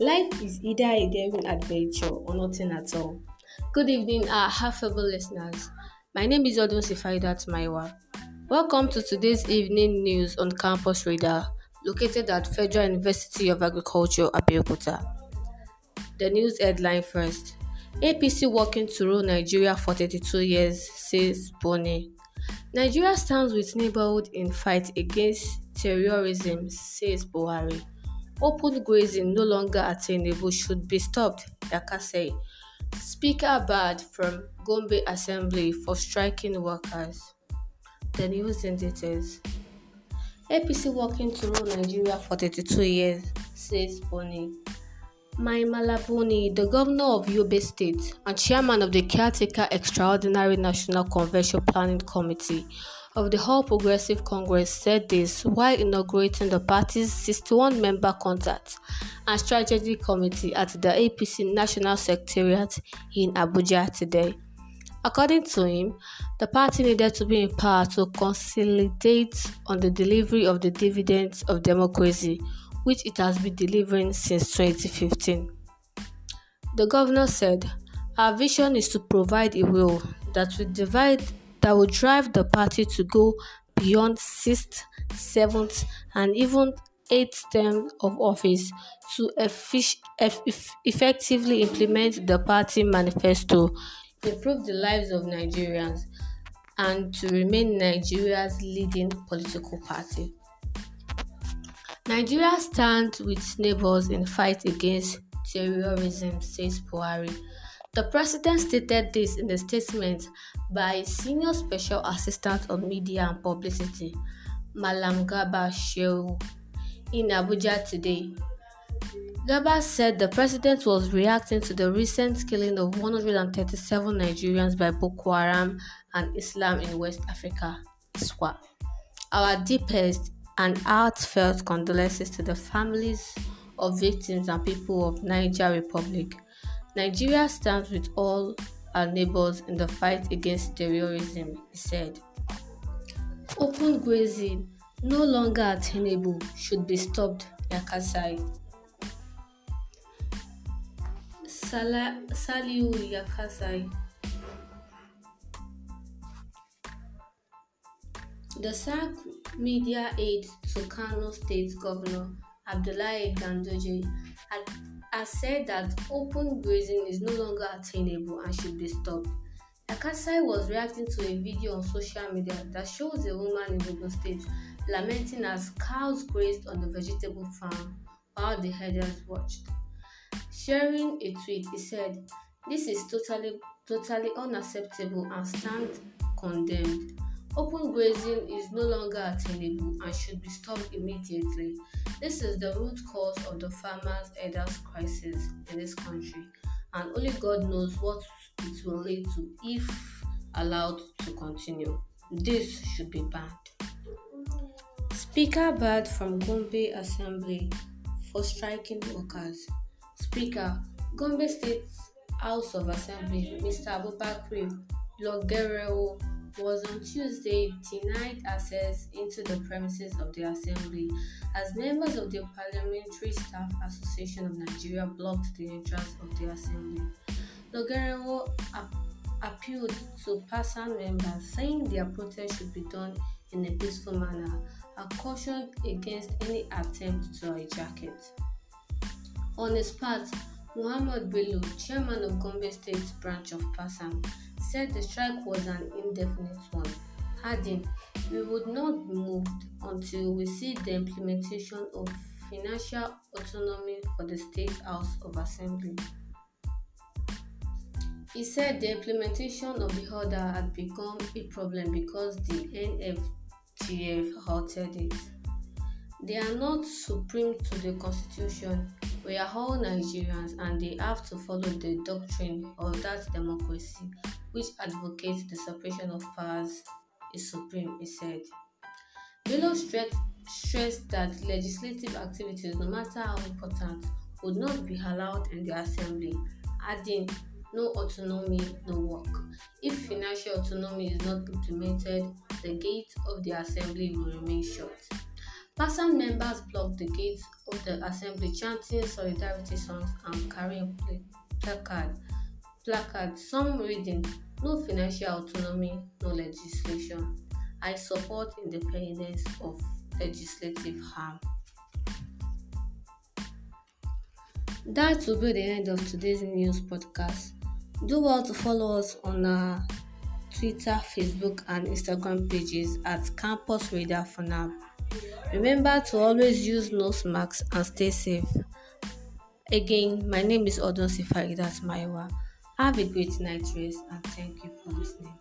Life is either a daring adventure or nothing at all. Good evening, our affable listeners. My name is Odun Sifaida Maiwa. Welcome to today's evening news on Campus Radar, located at Federal University of Agriculture, Abeokuta. The news headline first APC working to rule Nigeria for 32 years, says Boni. Nigeria stands with neighborhood in fight against terrorism, says Buhari. Open grazing no longer attainable should be stopped, Yakasei. Speaker barred from Gombe Assembly for striking workers. The news in details. APC working to rule Nigeria for 32 years, says Boni. My Malabuni, the governor of Yobe State and chairman of the Caretaker Extraordinary National Convention Planning Committee, of the All Progressive Congress said this while inaugurating the party's 61 member contact and strategy committee at the APC National Secretariat in Abuja today. According to him, the party needed to be in power to consolidate on the delivery of the dividends of democracy, which it has been delivering since 2015. The governor said, Our vision is to provide a will that will divide that will drive the party to go beyond 6th, 7th, and even 8th term of office to effic- eff- effectively implement the party manifesto, improve the lives of Nigerians, and to remain Nigeria's leading political party. Nigeria stands with neighbors in fight against terrorism, says Buhari. The president stated this in a statement by Senior Special Assistant on Media and Publicity, Malam Gaba Shehu, in Abuja today. Gaba said the president was reacting to the recent killing of 137 Nigerians by Boko Haram and Islam in West Africa. SWA. Our deepest and heartfelt condolences to the families of victims and people of Niger Republic. Nigeria stands with all our neighbors in the fight against terrorism, he said. Open grazing, no longer attainable, should be stopped, Yakasai. Saliu Yakasai. The SAC media aide to Kano State Governor Abdullahi Ganduje. had has said that open grazing is no longer attainable and should be stopped. Akasai was reacting to a video on social media that shows a woman in Ogun State lamenting as cows grazed on the vegetable farm while the herders watched. Sharing a tweet, he said, This is totally, totally unacceptable and stand condemned. Open grazing is no longer attainable and should be stopped immediately. This is the root cause of the farmers' elders' crisis in this country, and only God knows what it will lead to if allowed to continue. This should be banned. Speaker Bad from Gombe Assembly for striking workers. Speaker, Gombe State House of Assembly, Mr. Abubakar Longerewo was on Tuesday denied access into the premises of the assembly as members of the Parliamentary Staff Association of Nigeria blocked the entrance of the assembly. Logarewo appealed to PASAN members, saying their protest should be done in a peaceful manner and cautioned against any attempt to hijack it. On his part, Muhammad Bello, chairman of Gombe State branch of PASAM, said the strike was an indefinite one, adding, We would not be moved until we see the implementation of financial autonomy for the State House of Assembly. He said the implementation of the order had become a problem because the NFGF halted it. They are not supreme to the Constitution we are all Nigerians and they have to follow the doctrine of that democracy which advocates the separation of powers is supreme, he said. Bello stressed, stressed that legislative activities, no matter how important, would not be allowed in the assembly, adding, no autonomy, no work. If financial autonomy is not implemented, the gates of the assembly will remain shut. Passant members blocked the gates the assembly chanting solidarity songs and carrying placards. Placard, some reading, no financial autonomy, no legislation. I support independence of legislative harm. That will be the end of today's news podcast. Do well to follow us on our Twitter, Facebook, and Instagram pages at Campus Radar for now. Remember to always use nose masks and stay safe. Again, my name is Odon Sifari, Maiwa. Have a great night rest and thank you for listening.